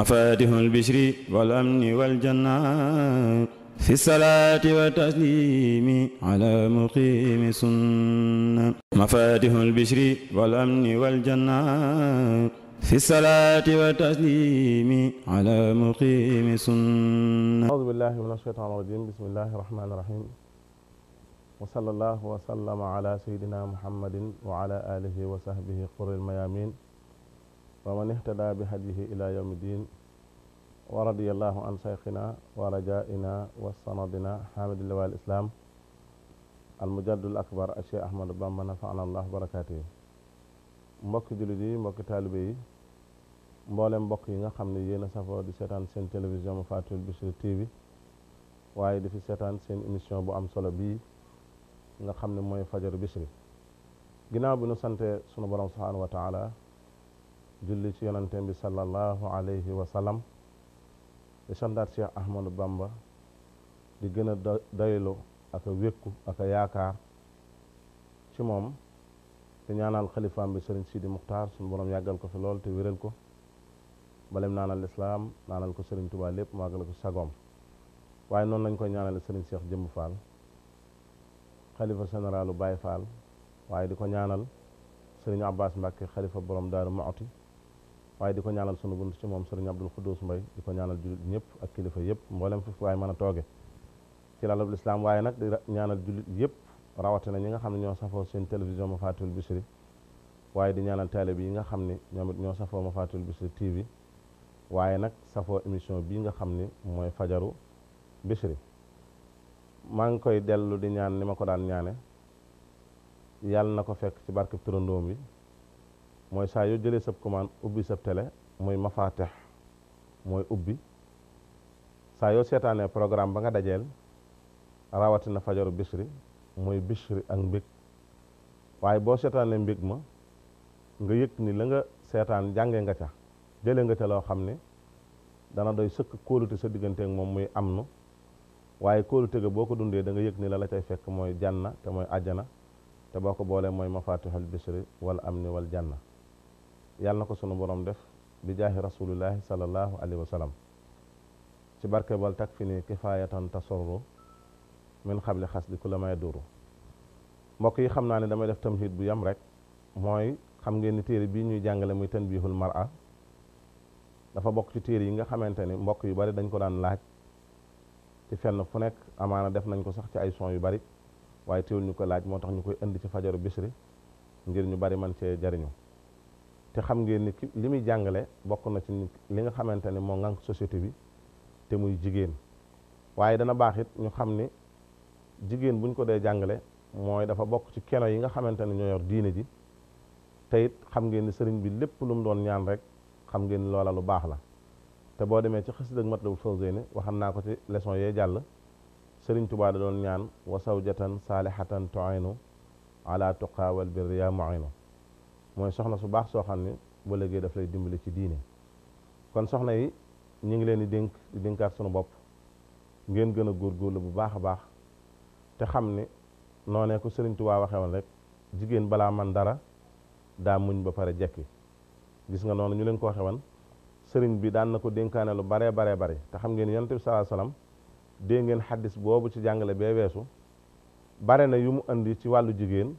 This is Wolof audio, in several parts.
mafatihul bishri wal amni wal janna fi salaati wa taslimi ala muqimi sunna mafatihul bishri wal amni wal janna fi salaati wa taslimi ala muqimi sunna a'uuzu billahi minash shaytaani rajiim bismillahi rahmaani rahiim wa sallallahu wa sallama ala sayyidina muhammadin wa ala alihi wa sahbihi qurril mayamin wa man ihtada bi hadihi ila yawmi din wa radiyallahu an sayxina wa rajaina wa sanadina hamid lawal islam al mujaddul akbar a cheikh ahmadou bamba nafa'ana allah barakatuhu mbokki jullit yi mbokki taalibe yi mboolem mbokk yi nga xam ne yéen a safoo di seetaan seen télévision mu fatul Bichri TV waaye di fi seetaan seen émission bu am solo bii nga xam ne mooy fajaru Bichri ginnaaw bi nu sante sunu borom subhanahu wa taala julli ci yonanteem bi sallallahu alayhi wa sallam di sandaat Cheikh Ahmadou Bamba di gën a daylu ak a wékku ak a yaakaar ci moom te ñaanal xalifaam bi sëriñ Sidi Muxtaar suñu borom yàggal ko fi lool te wéral ko balem naanal lislaam naanal ko sëriñ Tuubaa lépp mu màggal ko sagoom waaye noonu lañ koy ñaanale sëriñ Cheikh Jëmb Fall xalifa généralu Baye Fall waaye di ko ñaanal sëriñ Abbas Mbàkke xalifa borom Daaru Muxti waaye di ko ñaanal sunu bunt ci moom sëriñ Abdul Xuddus Mbay di ko ñaanal jullit ñëpp ak kilifa yëpp mboolem fi waaye man a tooge ci lalabul lislaam waaye nag di ñaanal jullit yëpp rawatina ñi nga xam ne ñoo safoo seen télévision Mafatihul Bichri waaye di ñaanal taalibe yi nga xam ne ñoom it ñoo safoo Mafatihul Bichri TV waaye nag safoo émission bii nga xam ne mooy fajaru Bichri maa ngi koy dellu di ñaan ni ma ko daan ñaane yàlla na ko fekk ci barkeb turandoom bi mooy saa yoo jëlee sab commande ubbi sab télé muy mafatex mooy ubbi saa yoo seetaanee programme ba nga dajeel rawatina fajaru bisri muy bisri ak mbég waaye boo seetaanee mbég ma nga yëg ni la nga seetaan jànge nga ca jële nga ca loo xam ne dana doy sëkk kóolute sa diggante ak moom muy am nu waaye kóolute ga boo ko dundee da nga yëg ni la la cay fekk mooy janna te mooy àjjana te boo ko boolee mooy mafatihul bisri wal amni wal janna yàlla na ko sunu borom def bi jaahi rasulullahi salallahu alayhi wa sallam ci barke bal tak fi ni kifaayatan tasorru min xable xas di ku la may duru mbokk yi xam naa ne damay def tamhid bu yam rek mooy xam ngeen ni téere bii ñuy jàngale muy ten tanbihul mar'a dafa bokk ci téere yi nga xamante ni mbokk yu bari dañ ko daan laaj ci fenn fu nekk amaana def nañ ko sax ci ay son yu bari waaye teewul ñu ko laaj moo tax ñu koy indi ci fajaru bisri ngir ñu bari man cee jariñu te xam ngeen ni li muy jàngale bokk na ci li nga xamante ne moo ngànk société bi te muy jigéen waaye dana baax it ñu xam ni jigéen buñ ko dee jàngale mooy dafa bokk ci keno yi nga xamante ne ñoo yor diine ji te it xam ngeen ni sëriñ bi lépp lu mu doon ñaan rek xam ngeen loola lu baax la te boo demee ci xasida ak Matlabul Fawzayni waxam naa ko ci leçon yee jàll sëriñ Tuubaa da doon ñaan wa sawjatan saalihatan tu'inu ala tuqa wal birri ya mooy soxna su baax soo xam ne bu léegi daf lay dimbali ci diine kon soxna yi ñu ngi leen di dénk dénkaat sunu bopp ngeen gën a góorgóorlu bu baax a baax te xam ne noonee ko Sëriñ Tuubaa waxee woon rek jigéen balaa man dara daa muñ ba pare jekki gis nga noonu ñu leen ko waxee woon sëriñ bi daan na ko dénkaane lu baree baree bari te xam ngeen yonent bi salaa salaam dégg ngeen xaddis boobu ci jàngale bee weesu bare na yu mu andi ci wàllu jigéen.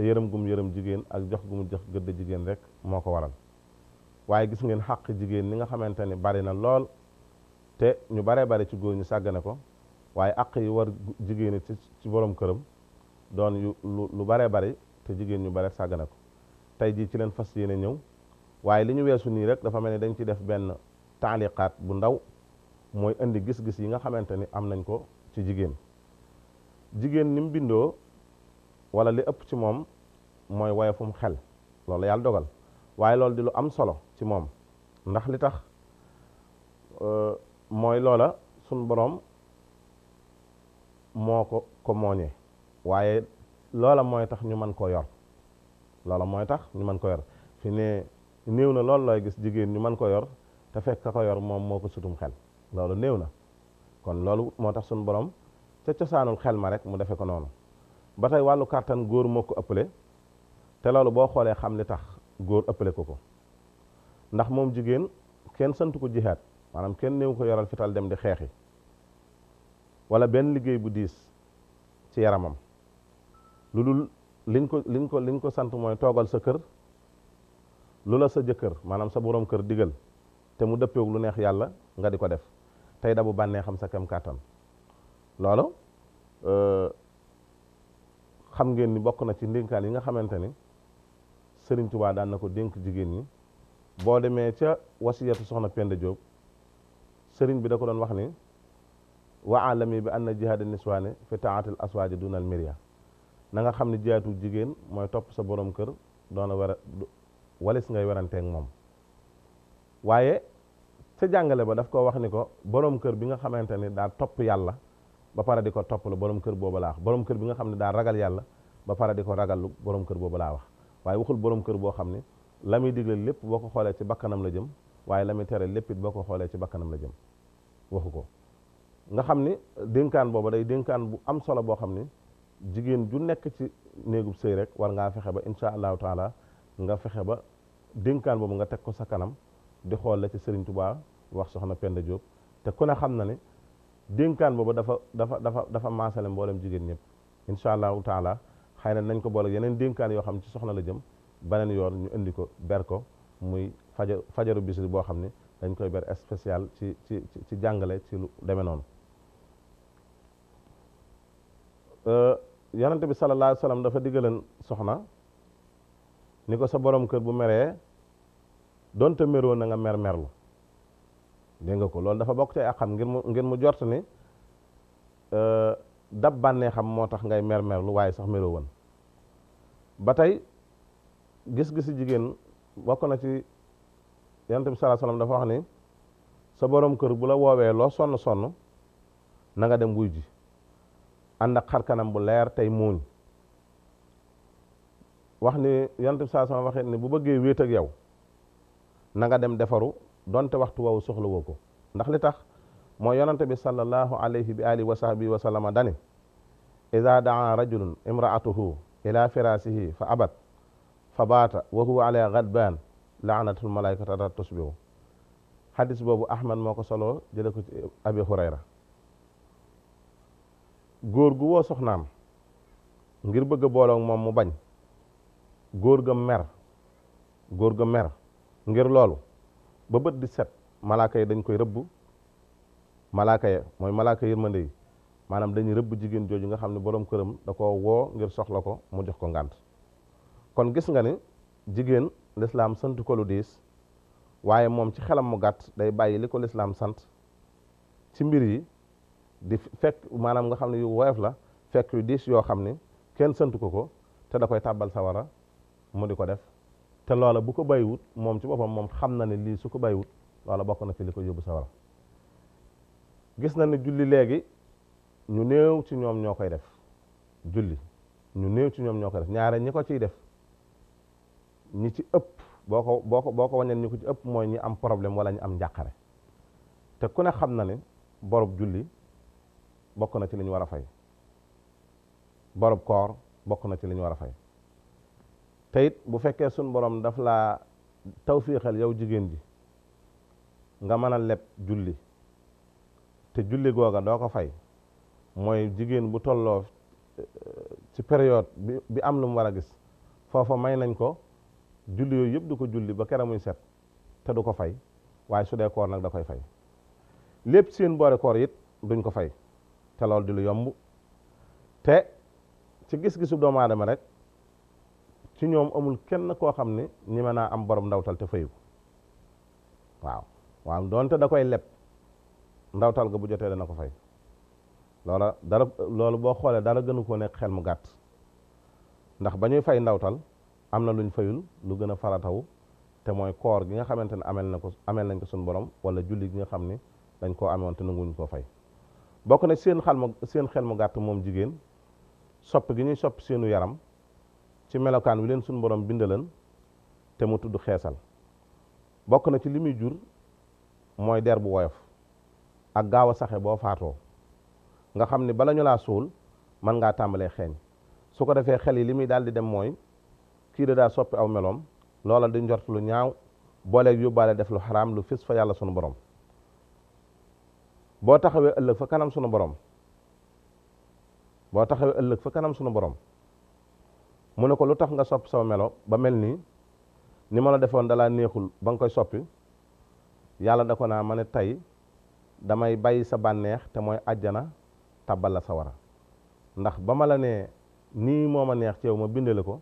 te yërëm gum yërëm jigéen ak jox gum jox gëdd jigéen rek moo ko waral waaye gis ngeen xàq jigéen ni nga xamante ni bari na lool te ñu baree bari ci góor ñu sàggane ko waaye àq yi war jigéen ci ci borom këram doon yu lu lu baree bari te jigéen ñu bare sàggane ko tey jii ci leen fas yéene ñëw waaye li ñu weesu nii rek dafa mel ni dañ ci def benn taaliqaat bu ndaw mooy indi gis-gis yi nga xamante ni am nañ ko ci jigéen jigéen ni bindoo wala li ëpp ci moom mooy woyofum xel loolu yàlla dogal waaye loolu di lu am solo ci moom ndax li tax euh, mooy loola sunu boroom moo ko ko mooñee waaye loola mooy tax ñu mën koo yor loola mooy tax mën ko yor fi ne néew na loolu lay gis jigéen ñu mën ko yor te fekk ko yor moom moo ko sutum xel loolu néew na kon loolu moo tax sunu boroom ca cosaanul xel ma rek mu defe ko noonu ba tey wàllu kàttan góor moo ko ëppale te loolu boo xoolee xam li tax góor ëppale ko ko ndax moom jigéen kenn sant ko jihaad maanaam kenn néew ko yoral fital dem di xeexi wala benn liggéey bu diis ci yaramam lu dul liñ ko liñ ko liñ ko sant mooy toogal sa kër lu la sa jëkkër maanaam sa boroom kër digal te mu dëppeeg lu neex yàlla nga di ko def tey dabu bu bànnee xam sa kem kàttan loolu euh, xam ngeen ni bokk na ci ndénkaan yi nga xamante ni sëriñ Touba daan na ko dénk jigéen ñi boo demee ca wasiyatu soxna Penda Diop Serigne bi da ko doon wax ni wa alami bi an na jihaada niswaane fi taatil aswaaji dunal miria na nga xam ne jihaatu jigéen mooy topp sa boroom kër doona wera walis ngay weranteeg moom waaye ca jàngale ba daf ko wax ni ko boroom kër bi nga xamante ni daa topp yàlla ba pare di ko topp lu borom kër booba laa wax borom kër bi nga xam ne daa ragal yàlla ba pare di ko ragal lu borom kër boobu laa wax waaye waxul borom kër boo xam ne la muy digle lépp boo ko xoolee ci bakkanam la jëm waaye la muy lépp it boo ko xoolee la jëm waxu ko nga xam ne dénkaan booba day dénkaan bu am solo boo xam ne jigéen ju nekk ci néegub sëy rek war ngaa fexe ba incha allahu taala nga fexe ba dénkaan boobu nga teg ko sa kanam di xool la ci Serigne Touba wax soxna Penda Diop te ku ne xam na ne dénkaan boobu dafa dafa dafa dafa maasale mboolem jigéen ñëpp incha allahu taala xëy na nañ ko boole yeneen dénkaan yoo xam ne ci soxna la jëm beneen yoon ñu indi ko ber ko muy faja fajaru bisir boo xam ne dañ koy ber spécial ci ci ci jàngale ci lu demee noonu euh, yonente bi sallallahu alayhi wa sallam dafa diggaleen soxna ni ko sa borom kër bu meree donte meroo na nga mer merlu dégg nga ko loolu dafa bokk ci àqam ngir mu ngir mu jort ni euh, dab bànnee xam moo tax ngay mer-mer lu waaye sax meroo woon ba tey gis-gisi jigéen bokk na ci yonent bi sallallahu alayhi wasallam dafa wax ni sa borom kër bu la woowee loo sonn sonn na nga dem wuy ji ànd ak xar kanam bu leer tey muuñ wax ni yonent bi sallallahu alayhi ni bu bëggee wéet ak yow na nga dem defaru donte waxtu woowu soxla woo ko ndax li tax moo yonante bi sallallahu alayhi bi alihi wa sahbihi wa sallama dani ida daa rajulun imraatuhu ila firasihi fa abat fa baata wa huwa ala gadbaan laanatul malaikatu ata tusbihu xadis boobu ahmad moo ko soloo jële ko ci abi hurayra góor gu woo soxnaam ngir bëgg a booloog moom mu bañ góor ga mer góor ga mer ngir loolu ba bët di set malaaka yi dañ koy rëbb malaaka ya mooy malaaka yërmande yi maanaam dañuy rëbb jigéen jooju nga xam ne borom këram da koo woo ngir soxla ko mu jox ko ngànt kon gis nga ni jigéen lislaam sant ko lu diis waaye moom ci xelam mu gàtt day bàyyi li ko lislaam sant ci mbir yi di fekk maanaam nga xam ne yu woyof la fekk yu diis yoo xam ni kenn sant ko ko te da koy tàbbal sawara mu di ko def te loola bu ko bàyyiwut moom ci boppam moom xam na ne lii su ko bàyyiwut loola bokk na ci li ko yóbbu sawara gis na ne julli léegi ñu néew ci ñoom ñoo koy def julli ñu néew ci ñoom ñoo koy def ñaare ñi ko ciy def ñi ci ëpp boo ko boo ko boo ko ñi ko ci ëpp mooy ñi am problème wala ñu am njàqare te ku ne xam na ne borob julli bokk na ci li ñu war a fay borob koor bokk na ci li ñu war a fay te bu fekkee sun borom daf laa tawfiixal yow jigéen ji nga mën a leb julli te julli googa doo ko fay mooy jigéen bu tolloo eh, ci période bi am lu mu war a gis foofa may nañ ko julli yooyu yëpp du ko julli ba kera set te du ko fay waaye su dee koor nag da koy fay lépp seen boori koor it duñ ko fay te loolu di lu yomb te ci gis-gisu doomu aadama rek ci ñoom amul kenn koo xam ne ñi ma naa am borom ndawtal te fayu waaw waaw doonte da koy leb ndawtal ga bu jotee dana ko fay loola dara loolu boo xoolee dara gënu koo nekk xel mu gàtt ndax ba ñuy fay ndawtal am na luñ fayul lu gën a farataw te mooy koor gi nga xamante ne amel na ko amel nañ ko suñu borom wala julli gi nga xam ni dañ koo amoon te nanguñ koo fay bokk na seen xel seen xel mu gàtt moom jigéen sopp gi ñuy sopp seenu yaram ci melokaan wi leen suñu borom bindaleen te mu tudd xeesal bokk na ci li muy jur mooy der bu woyof ak gaaw a saxe boo faatoo nga xam ne bala ñu laa suul mën ngaa tàmbalee xeeñ su ko defee xel yi li muy daal di dem mooy kii de daa soppi aw meloom loola di njort lu ñaaw booleeg yóbbaale def lu xaraam lu fis fa yàlla sunu borom boo taxawee ëllëg fa kanam sunu borom boo taxawee ëllëg fa kanam sunu borom mu ne ko lu tax nga sopp saw melo ba mel nii ni ma la defoon dalaa neexul ba nga koy soppi yàlla da ko naa ma ne tey damay bàyyi sa bànneex te mooy àjjana tàbbal la sawara ndax ba ma la nee nii moo ma neex ci yow ma bindale ko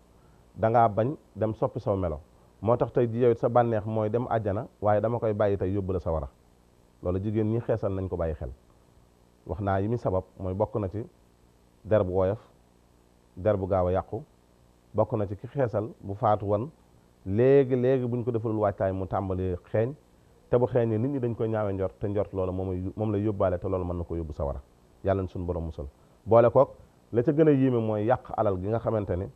dangaa bañ dem soppi saw melo moo tax tey ji yow sa bànneex mooy dem àjjana waaye dama koy bàyyi tey yóbbu la wara loolu jigéen ñii xeesal nañ ko bàyyi xel wax naa yi mi sabab mooy bokk na ci der bu woyof der bu gaaw a yàqu bokk na ci ki xeesal bu faatu wan léegi léegi buñ ko lu waajtaay mu tàmbali xeeñ te bu xeeñee nit ñi dañ koy ñaawe njort te njort loola moom moom la yóbbaale te loolu mën na ko yóbbu sawara yàlla na suñu borom musal boole kook la ca gën a yéeme mooy yàq alal gi nga xamante ni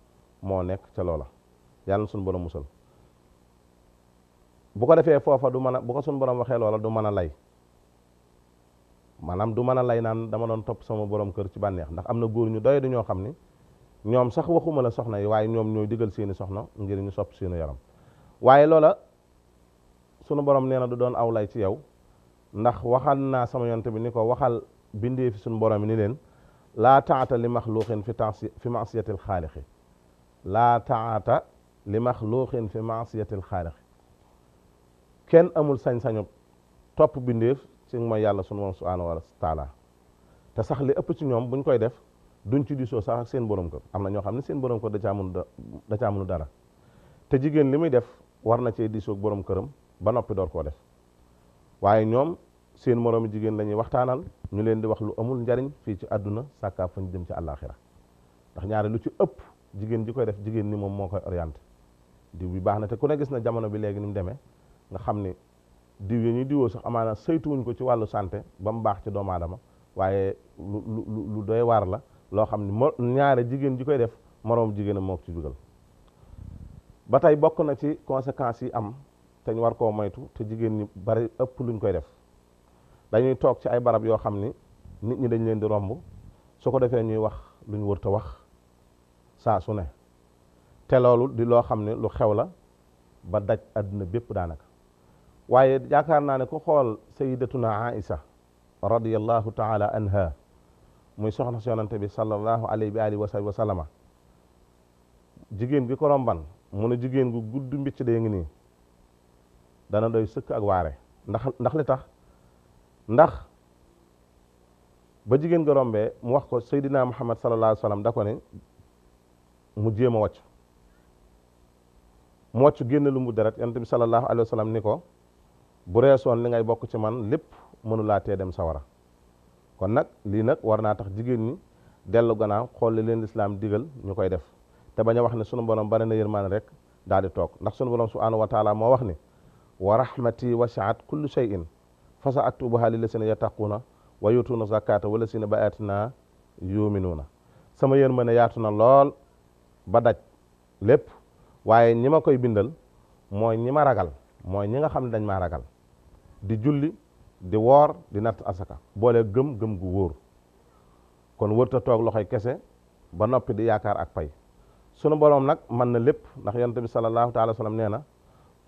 moo nekk ca loola yàlla suñu borom musal bu ko defee foofa du man a bu ko suñu borom waxee loola du mën a lay maanaam du man a lay naan dama doon topp sama borom kër ci bànneex ndax am na góor ñu doy du ñoo xam ni ñoom sax waxuma la soxna yi waaye ñoom ñoo digal seeni soxna ngir ñu sopp seenu yaram waaye loola sunu borom nee na du doon aw lay ci yow ndax waxal naa sama yonte bi ni ko waxal bindeef fi sunu borom ni leen laa taata li maxluuqin fi taasi fi maasiyatil xaaliqi laa taata li maxluuqin fi maasiyatil xaaliqi kenn amul sañ-sañu topp bindeef ci mooy yàlla sunu moom subhaanahu wa taala te sax li ëpp ci ñoom buñ koy def duñ ci diisoo sax ak seen borom kër am na ñoo xam ne seen borom kër da caa mun da caa mun dara te jigéen li muy def war na cee diisoo ak borom këram ba noppi door koo def waaye ñoom seen moroomi jigéen la ñuy waxtaanal ñu leen di wax lu amul njariñ fii ci àdduna sàkkaa fañ dem ci àllaaxira ndax ñaare lu ci ëpp jigéen ji koy def jigéen ni moom moo koy orienté diw bi baax na te ku ne gis na jamono bi léegi ni mu demee nga xam ne diw yi ñuy diwoo sax amaana saytuwuñ ko ci wàllu santé ba mu baax ci doomu aadama waaye lu doy waar la loo xam ne mo ñaare jigéen ji koy def moroom jigéen a moo ci dugal ba tey bokk na ci conséquences yi am te ñu war koo moytu te jigéen ñi bari ëpp luñ koy def dañuy toog ci ay barab yoo xam ni nit ñi dañ leen di romb su ko defee ñuy wax luñ wërta wax saa su ne te loolu di loo xam ne lu xew la ba daj àdduna bépp daanaka waaye yaakaar naa ne ku xool sayyidatuna Aïsa radiyallahu taala anha muy soxna si yonante bi sallallahu alayhi wa alihi wa sallama jigéen gi ko romban mu a jigéen gu gudd mbicc dee ngi nii dana doy sëkk ak waare ndax ndax li tax ndax ba jigéen ga rombee mu wax ko Seydina Muhammad sallallahu alayhi wa sallam da ko ne mu jéem a wàcc mu wàcc génn lu mu deret yonante bi sallallahu alayhi wa sallam ni ko bu reesoon li ngay bokk ci man lépp mënulaa tee dem sawara kon nag lii nag war naa tax jigéen ñi dellu gannaaw xool leen lislaam digal ñu koy def te bañ a wax ne sunu borom bari na yërmaane rek daal di toog ndax sunu borom subhanahu wa taala moo wax ni wa rahmati wasiat kullu shay'in fa sa aktubuha lillazina yattaquuna wa yutuuna zakata wallazina bi ayatina yuminuuna sama yërmaane yaatu na lool ba daj lépp waaye ñi ma koy bindal mooy ñi ma ragal mooy ñi nga xam ne dañ maa ragal di julli di woor di natt asaka boole gëm gëm gu wóor kon wërta toog loxoy kese ba noppi di yaakaar ak pay sunu boroom nag mën na lépp ndax yonent bi sallallahu taala sallam nee na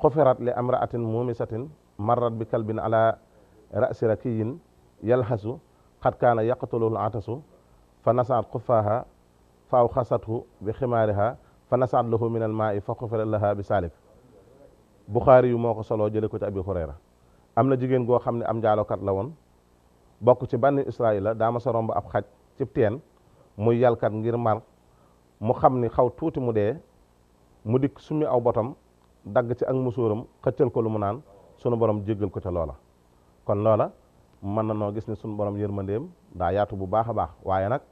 xufirat li amraatin mumisatin marrat bi kalbin ala rasi rakiyin yalxasu xat kaana yaqtuluhu atasu fa nasaat xuffaaha fa aw xasathu bi ximaariha fa nasaat lahu min al maa'i fa xufira laha bi saalik buxaari yu moo ko soloo jële ko ci abi xurayra am na jigéen goo xam ne am njaalokat la woon bokk ci banni Israayila la daama sa romb ab xaj ci teen muy yalkat ngir mar mu xam ni xaw tuuti mu dee mu dikk summi aw botam dagg ci ak musóoram xëccal ko lu mu naan sunu borom jéggal ko ca loola kon loola mën na noo gis ni sunu borom yërmandeem daa yaatu bu baax a baax waaye nag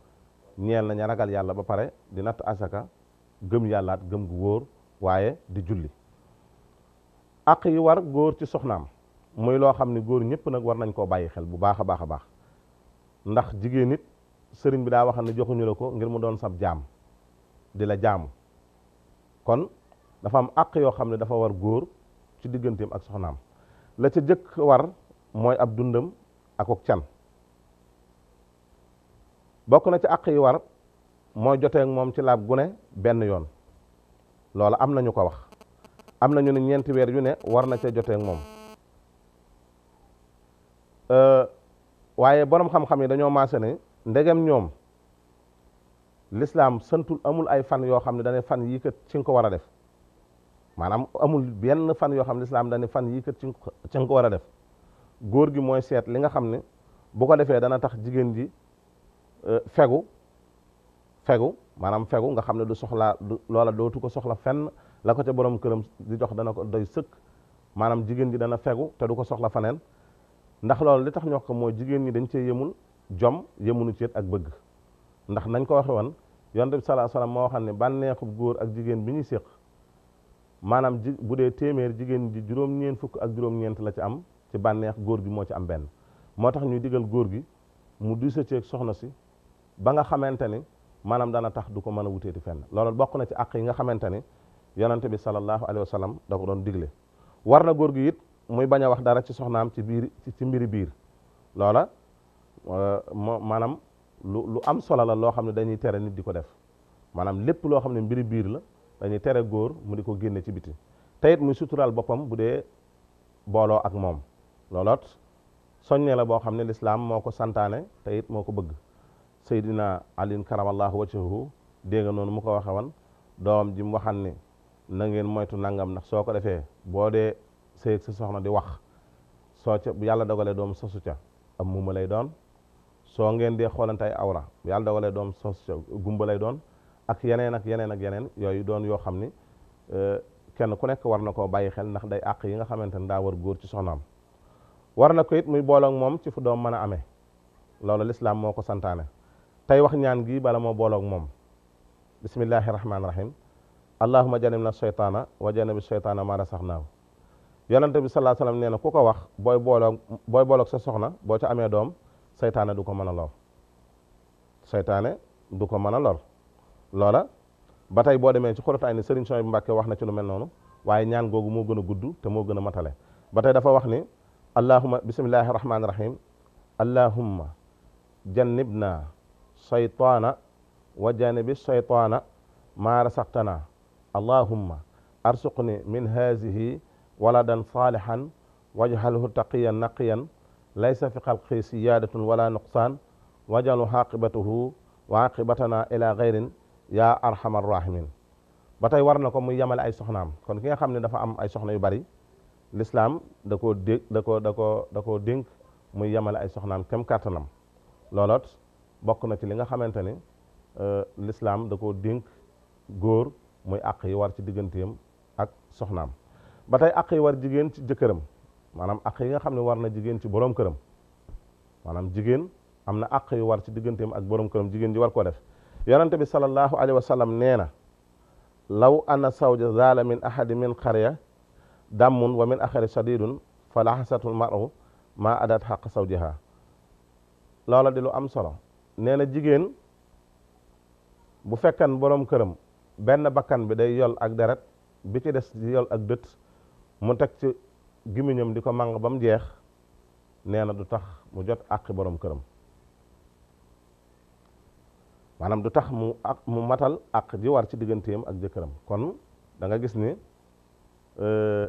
ñeel na ña ragal yàlla ba pare di natt asaka gëm yàllaat gëm gu wóor waaye di julli aq yi war góor ci soxnaam muy loo xam ne góor ñëpp nag war nañ koo bàyyi xel bu baax a baax a baax ndax jigéen it sëriñ bi daa wax ne joxuñu la ko ngir mu doon sab jaam di la jaamu kon dafa am àq yoo xam ne dafa war góor ci digganteem ak soxnaam la ca jëkk war mooy ab dundam ak ak can bokk na ci àq yi war mooy joteek moom ci laab gune benn yoon loola am nañu ko wax am na ñu ñeenti weer yu ne war na ca joteek moom Euh, waaye borom xam-xam yi dañoo maase ne ndegem ñoom lislaam santul amul ay fan yoo xam ne dane fan yii kat ci ko war a def maanaam amul benn fan yoo xam ne lislaam dane fan yii kat ci nga ko war a def góor gi mooy seet li nga xam ne bu ko defee dana tax jigéen ji euh, fegu fegu maanaam fegu nga xam ne du soxlaa du loola dootu ko soxla fenn la ko borom këram di jox dana ko doy sëkk maanaam jigéen ji dana fegu te du ko soxla faneen ndax loolu li tax ñu wax ko mooy jigéen ñi dañ cee yemul jom yemunu ci ak bëgg ndax nañ ko waxe woon yonent bi salaa salaam moo xam ne bànneexub góor ak jigéen bi ñuy séq maanaam ji bu dee téeméer jigéen ji juróom-ñeent fukk ak juróom-ñeent la ci am ci bànneex góor gi moo ci am benn moo tax ñuy digal góor gi mu diisoo ceeg soxna si ba nga xamante ni maanaam daana tax du ko mën a wuteeti fenn loolu bokk na ci àq yi nga xamante ni yonent bi sallallahu alayhi wa sallam da ko doon digle war góor gi it muy bañ a wax dara ci soxnaam ci biir ci mbiri biir loola euh, moo maanaam lu lu am solo la loo xam ne dañuy tere nit di ko def maanaam lépp loo xam ne mbiri biir la dañuy tere góor mu di ko génne ci biti teyit muy suturaal boppam bu dee booloo ak moom looloot soññee la boo xam ne lislaam moo ko santaane teyit moo ko bëgg Seydina Alin karamallahu wajhahu dégg nga noonu mu ko waxe woon doom ji mu waxan ni na ngeen moytu nangam ndax soo ko defee boo dee sëy ak sa soxna di wax soo bu yàlla dogalee doom sosu ca am muuma lay doon soo ngeen dee xoolante ay awra yàlla dogalee doom sosu ca gumba lay doon ak yeneen ak yeneen ak yeneen yooyu doon yoo xam ni e, kenn ku nekk war na koo bàyyi xel ndax day àq yi nga xamante ne daa war góor ci soxnaam war na ko it muy boolook moom ci fu doom mën a amee loolu lislaam moo ko santaane tey wax ñaan gii bala moo boolook moom bismillahi rahmaani rahim allahuma janib na sheytaana wa janibi sheytaana ma rasaxnaahu yonent bi sallallahu alayhi wasallam nee na ku ko wax booy booloog booy booloog sa soxna boo ca amee doom saytaane du ko mën a lor seytaane du ko mën a lool loola ba tey boo demee ci xurataay ni Serigne Souhaïbou Mbacké wax na ci lu mel noonu waaye ñaan googu moo gën a guddu te moo gën a matale ba tey dafa wax ni allahumma bismillahi rahmaani rahim allahumma jannibna saytaana wa janibi saytaana maa rasaqtana allahumma arsuqni min hazihi waladan salihan wajhalhu taqiyan naqiyan laysa fi xalqi siyadatun wala nuqsaan wajalu xaqibatahu wa aqibatana ila gayrin ya arhamar rahimin ba tey war na ko muy yemale ay soxnaam kon ki nga xam ne dafa am ay soxna yu bari lislaam da koo dé da koo da dénk muy yemale ay soxnaam kem kàttanam looloot bokk na ci li nga xamante ni euh, lislaam da koo góor muy àq yi war ci digganteem ak soxnaam ba tey àq yi war jigéen ci jëkkëram maanaam àq yi nga xam ne war na jigéen ci borom këram maanaam jigéen am na àq yu war ci digganteem ak borom këram jigéen ji war koo def yonente bi salallahu alayhi wa sallam nee na law anna sawja zaala min ahadi min xarya dammun wa min axari shadidun fa laxasatul maru maa adat xaq sawjiha loola di lu am solo nee na jigéen bu fekkan borom këram benn bakkan bi day yol ak deret bi ci des yol ak dët mu teg ci gémmiñam di ko màng ba mu jeex nee na du tax mu jot àqi borom këram maanaam du tax mu ak mu matal àq ji war ci digganteem ak jëkkëram kon danga gis ni euh,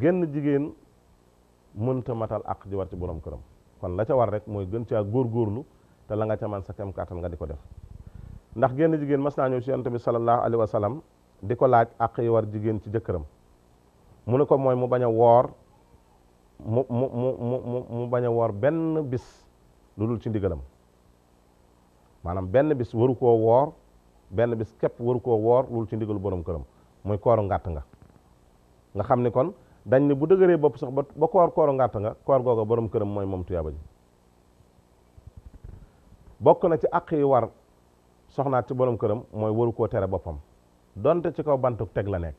génn jigéen mënta matal àq ji war ci borom këram kon la ca war rek mooy gën caa góorgóorlu te la nga ca man sa kem kàttan nga di ko def ndax génn jigéen mas naa ñëw ci yonent bi sallallahu alayhi wa sallam di ko laaj àq yi war jigéen ci jëkkëram mu ne ko mooy mu bañ a woor mu mu mu mu mu bañ a woor benn bis lu dul ci ndigalam maanaam benn bis waru koo woor benn bis képp waru koo woor lu dul ci ndigalu borom këram muy kooru ngàtt nga nga xam ni kon dañ ne bu dëgëree bopp sax ba ba koor kooru ngàtt nga koor googa borom këram mooy moom tuyaaba ji bokk na ci àq yi war soxnaat ci borom këram mooy waru koo tere boppam donte ci kaw bantuk teg la nekk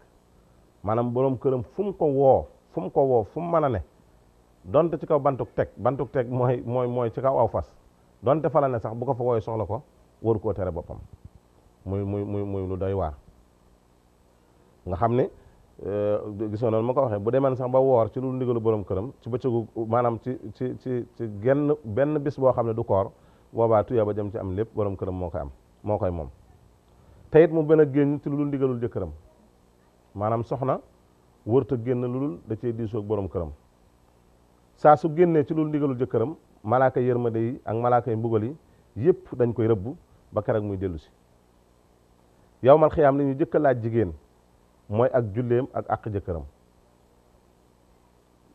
maanaam borom këram fu mu ko woo fu mu ko woo fu mu mën a ne donte ci kaw bantuk teg bantuk teg mooy mooy mooy ci kaw aw fas donte fa la ne sax bu ko fa wooyee soxla ko waru koo tere boppam muy muy muy muy lu doy waar nga xam ne euh, gis nga noonu ma ko waxee bu demee sax ba woor ci lu ndigalu borom këram ci bëccëgu maanaam ci ci ci ci genn benn bis boo xam ne du koor boobaa tuya ba jëm ci am lépp borom këram moo koy am moo koy moom te it mu benn génn ci lu ndigalul jëkkëram maanaam soxna wërta génn lulul da cee diisoog borom këram saa su génnee ci lul ndigalul jëkkëram malaaka yërmande yi ak malaaka yi mbugal yi yëpp dañ koy rëbb ba keroog muy dellu si yow mal xiyaam li ñu jëkk laaj jigéen mooy ak julleem ak àq jëkkëram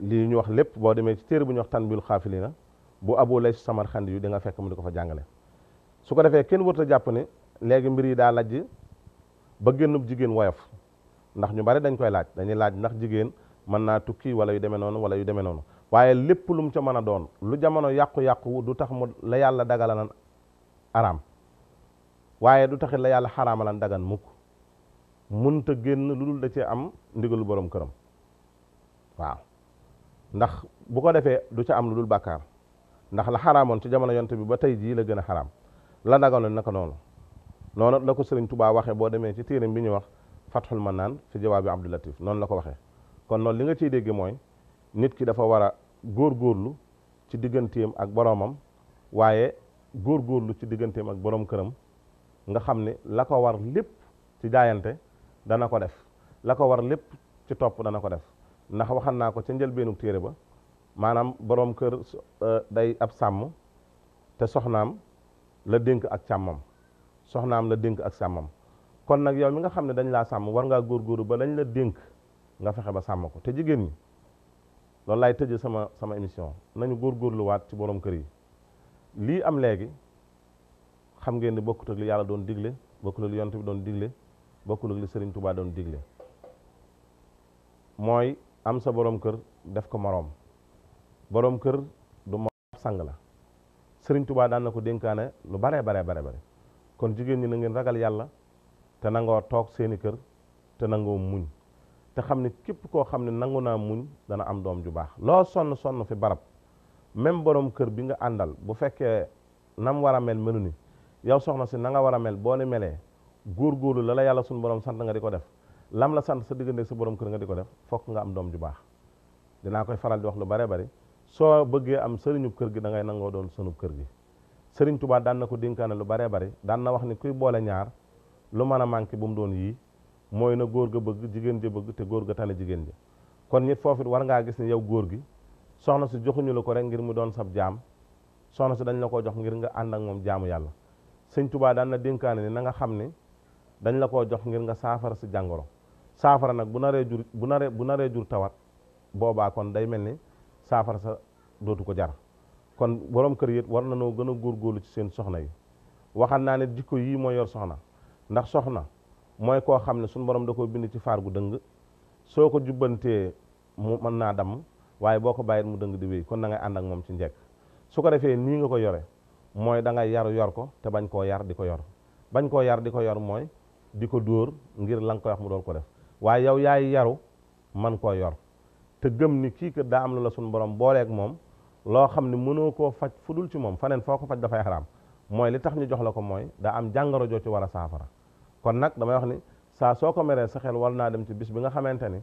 lii ñu wax lépp boo demee ci téere bu ñu wax Tanbiihul Xaafiliina bu Abu Lays Samarxandi yu di nga fekk mu di ko fa jàngale su ko defee kenn wërta jàpp ne léegi mbir yi daa lajj ba génnub jigéen woyof ndax ñu bari dañ koy laaj dañuy laaj ndax jigéen mën naa tukki wala yu demee noonu wala yu demee noonu waaye lépp lu mu ca mën a doon lu jamono yàqu-yàqu du tax mu la yàlla dagalalan araam waaye du taxit la yàlla xaraamalan dagan mukk munta génn lu dul da cee am ndigalu borom këram waaw ndax bu ko defee du ca am lu dul bàkkaar ndax la xaraamoon ci jamono yonte bi ba tey jii la gën a xaraam la dagaloon naka noonu noonu la ko sëriñ Tubaa waxe boo demee ci téeram bi ñu wax fathul manaan fi jawaabi abdul latif noonu la ko waxee kon loolu li nga ciy dégg mooy nit ki dafa war a góorlu ci digganteem ak boroomam waaye góorgóorlu ci digganteem ak boroom këram nga xam ne la ko war lépp ci jaayante dana ko def la ko war lépp ci topp dana ko def ndax waxan naa ko ca njëlbeenu téere ba maanaam boroom kër euh, day ab sàmm te soxnaam la dénk ak càmmam soxnaam la dénk ak sàmmam kon nag yow mi nga xam ne dañ laa sàmm war ngaa góorgóoru ba lañ la dénk nga fexe ba sàmm ko te jigéen ñi loolu laay tëj sama sama émission nañu góor góorgóorluwaat ci borom kër yi lii am léegi xam ngeen ne bokkut li yàlla doon digle bokkul ak li yonent bi doon digle bokkul ak li Serigne Touba doon digle mooy am sa boroom kër def ko moroom boroom kër du moroom sang la Serigne Touba daan na ko dénkaane lu baree baree bare bare kon jigéen ñi na ngeen ragal yàlla te nangoo toog seeni kër te nangoo muñ te xam ne képp koo xam ne nangu naa muñ dana am doom ju baax loo sonn sonn fi barab même borom kër bi nga àndal bu fekkee nam war a mel melu ni yow soxna si na nga war a mel boo ni melee góor góorgóorlu la la yàlla suñu borom sant nga di ko def lam la sant sa diggante sa borom kër nga di ko def fokk nga am doom ju baax dinaa koy faral di wax lu baree bari soo bëggee am sëriñu kër gi da ngay nangoo doon sunu kër gi sëriñ Tuubaa daan na ko dénkaane lu bare bari daan na wax ni kuy boole ñaar lu mën a manqué bu mu doon yii mooy na góor ga bëgg jigéen ja bëgg te góor ga tane jigéen ja kon nit foofu war ngaa gis ni yow góor gi soxna si joxuñu la ko rek ngir mu doon sab jaam soxna si dañu la ko jox ngir nga ànd ak moom jaamu yàlla sëñ tubaa daan na dénkaane ni na nga xam ne dañ la koo jox ngir nga saafara si jàngoro saafara nag bu naree jur bu naree bu naree jur tawat boobaa kon day mel ni saafara sa dootu ko jar kon borom kër yit war na noo gën a góorlu ci seen soxna yi waxal naa ne jikko yii moo yor soxna ndax soxna mooy koo xam ne suñu borom da koo bind ci faar gu dëng soo ko jubbantee mu mën naa damm waaye boo ko bàyyit mu dëng di wéy kon na ànd ak moom ci njekk su ko defee nii nga ko yore mooy da ngay yaru yor ko te bañ koo yar di ko yor bañ koo yar di ko yor mooy di ko dóor ngir la nga koy wax mu dool ko def waaye yow yaay yaru man koo yor te gëm ni kii kat daa am lu la suñu borom booleeg moom loo xam ne mënoo koo faj fu dul ci moom faneen foo ko faj dafay xaraam mooy li tax ñu jox la ko mooy daa am jàngoro joo ci saafara kon nag damay wax ni saa soo ko meree sa xel war naa dem ci bis bi nga xamante ni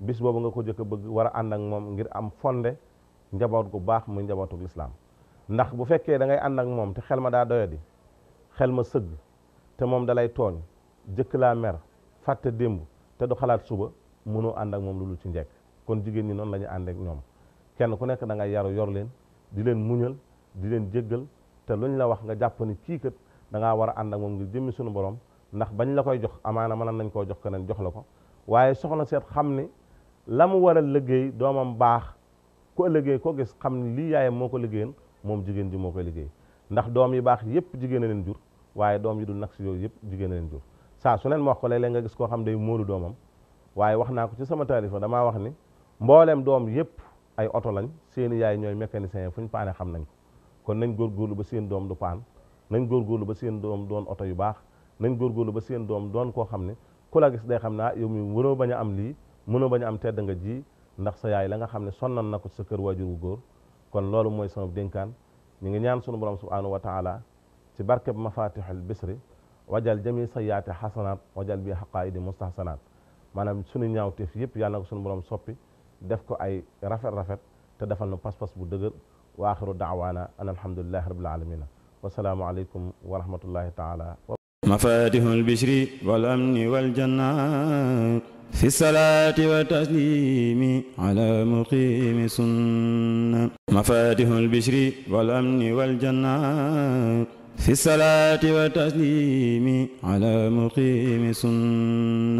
bis boobu nga ko jëkk a bëgg war a ak moom ngir am fonde njaboot gu baax muy njabootu lislaam ndax bu fekkee dangay ànd ak moom te xel ma daa doyadi xel ma sëgg te moom dalay tooñ jëkk laa mer fàtte démb te du xalaat suba mënoo ànd ak moom lu ci njekk kon jigéen ñi noonu la ñu ànd ak ñoom kenn ku nekk dangay nga yaru yor leen di leen muñal di leen jéggal te luñ la wax nga jàpp ni kii kat da ngaa war a ànd ak moom ngir jëmmi borom ndax bañ la koy jox amaana mënoon nañ koo jox keneen jox la ko waaye soxna seet xam ni la mu war a liggéey doomam baax ku ëllëgee koo gis xam ni lii yaayam moo ko liggéeyan moom jigéen ji moo koy liggéey ndax doom yi baax yëpp jigéen a leen jur waaye doom yi dul nag si yooyu yëpp jigéen a jur saa su neen ma wax ko léeg-léeg nga gis koo xam day móolu doomam waaye wax naa ko ci sama taarifa damaa wax ni mbooleem doom yëpp ay oto lañ seeni yaay ñooy mécanicien yi fu ñu paane xam nañ ko kon nañ góorgóorlu ba seen doom du paan nañ góorgóorlu ba seen doom doon oto yu baax nañ góorgóorlu ba seen doom doon koo xam ne ku la gis day xam naa ah, yow mi mënoo bañ a am lii mënoo bañ a am tedd nga ji ndax sa yaay la nga xam ne sonnan na ko sa kër waajur wu góor kon loolu mooy sama dénkaan ñu ngi ñaan sunu borom subhanahu wa taala ci barkeb mafatihul bisri wajal jami sayyaati xasanaat wajal bi xaqaayidi mustahsanaat maanaam sunu ñaawteef yëpp yàlla na ko sunu borom soppi def ko ay rafet rafet te defal na pas-pas bu dëgër wa axiru daawaana an alhamdulilahi rabil alamina wasalaamualeykum wa rahmatullahi taala mafatihul bishri wal amni wal janna fi salaati wa taslimi ala muqimi sunna mafatihul bishri wal amni wal janna fi salaati wa taslimi ala muqimi sunna